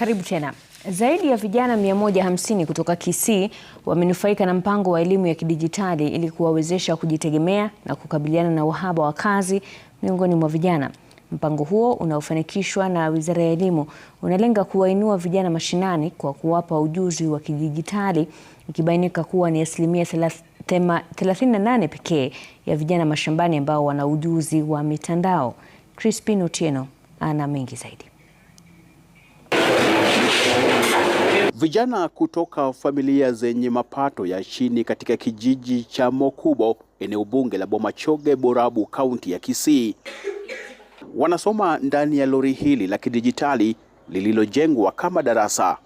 Karibu tena. Zaidi ya vijana 150 kutoka Kisii wamenufaika na mpango wa elimu ya kidijitali ili kuwawezesha kujitegemea na kukabiliana na uhaba wa kazi miongoni mwa vijana. Mpango huo unaofanikishwa na Wizara ya Elimu unalenga kuwainua vijana mashinani kwa kuwapa ujuzi wa kidijitali, ikibainika kuwa ni asilimia 38 pekee ya vijana mashambani ambao wana ujuzi wa mitandao. Crispin Otieno ana mengi zaidi. Vijana kutoka familia zenye mapato ya chini katika kijiji cha Mokubo, eneo bunge la Bomachoge, Borabu, kaunti ya Kisii, wanasoma ndani ya lori hili la kidijitali lililojengwa kama darasa.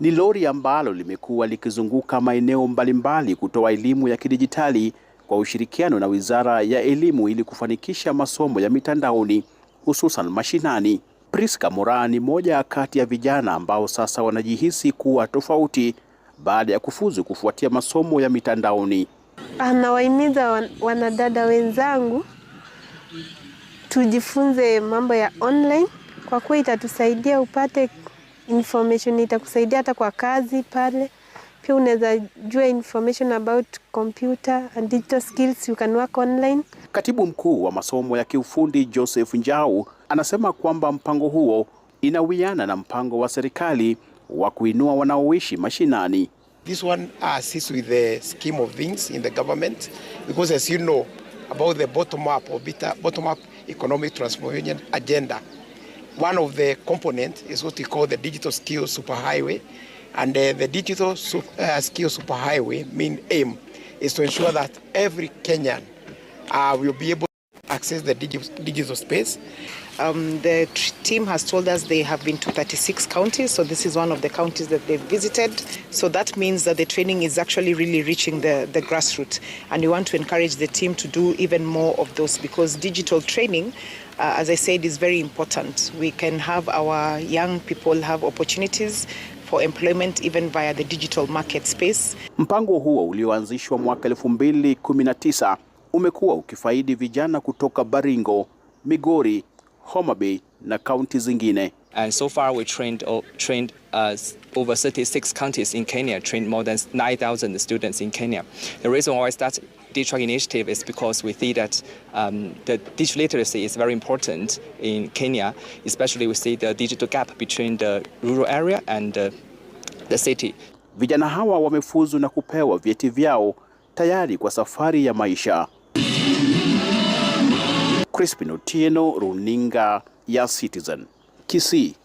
Ni lori ambalo limekuwa likizunguka maeneo mbalimbali kutoa elimu ya kidijitali kwa ushirikiano na Wizara ya Elimu ili kufanikisha masomo ya mitandaoni hususan mashinani. Priska Moraa ni moja kati ya vijana ambao sasa wanajihisi kuwa tofauti baada ya kufuzu kufuatia masomo ya mitandaoni. Anawahimiza ah, wanadada wenzangu tujifunze mambo ya online kwa kuwa itatusaidia upate information, itakusaidia hata kwa kazi pale. Pia unaweza jua information about computer and digital skills you can work online. Katibu mkuu wa masomo ya kiufundi Joseph Njau anasema kwamba mpango huo inawiana na mpango wa serikali wa kuinua wanaoishi mashinani. This one assists with the scheme of things in the government because as you know about the bottom up or better bottom up economic transformation agenda. One of the component is what we call the digital skills superhighway and uh, the digital super, uh, skills superhighway main aim is to ensure that every Kenyan uh, we'll be able to access the digital space. Um, the team has told us they have been to 36 counties, so this is one of the counties that they've visited. So that means that the training is actually really reaching the, the grassroots. And we want to encourage the team to do even more of those because digital training, uh, as I said, is very important. We can have our young people have opportunities for employment even via the digital market space. Mpango huo ulioanzishwa mwaka 2019 umekuwa ukifaidi vijana kutoka Baringo, Migori, Homa Bay na kaunti zingine. And so far we trained, trained uh, over 36 counties in Kenya, trained more than 9,000 students in Kenya. The reason why I started DigiTrack initiative is because we see that um, the digital literacy is very important in Kenya, especially we see the digital gap between the rural area and the, the city. Vijana hawa wamefuzu na kupewa vyeti vyao tayari kwa safari ya maisha. Crispin Otieno, runinga ya Citizen, Kisii.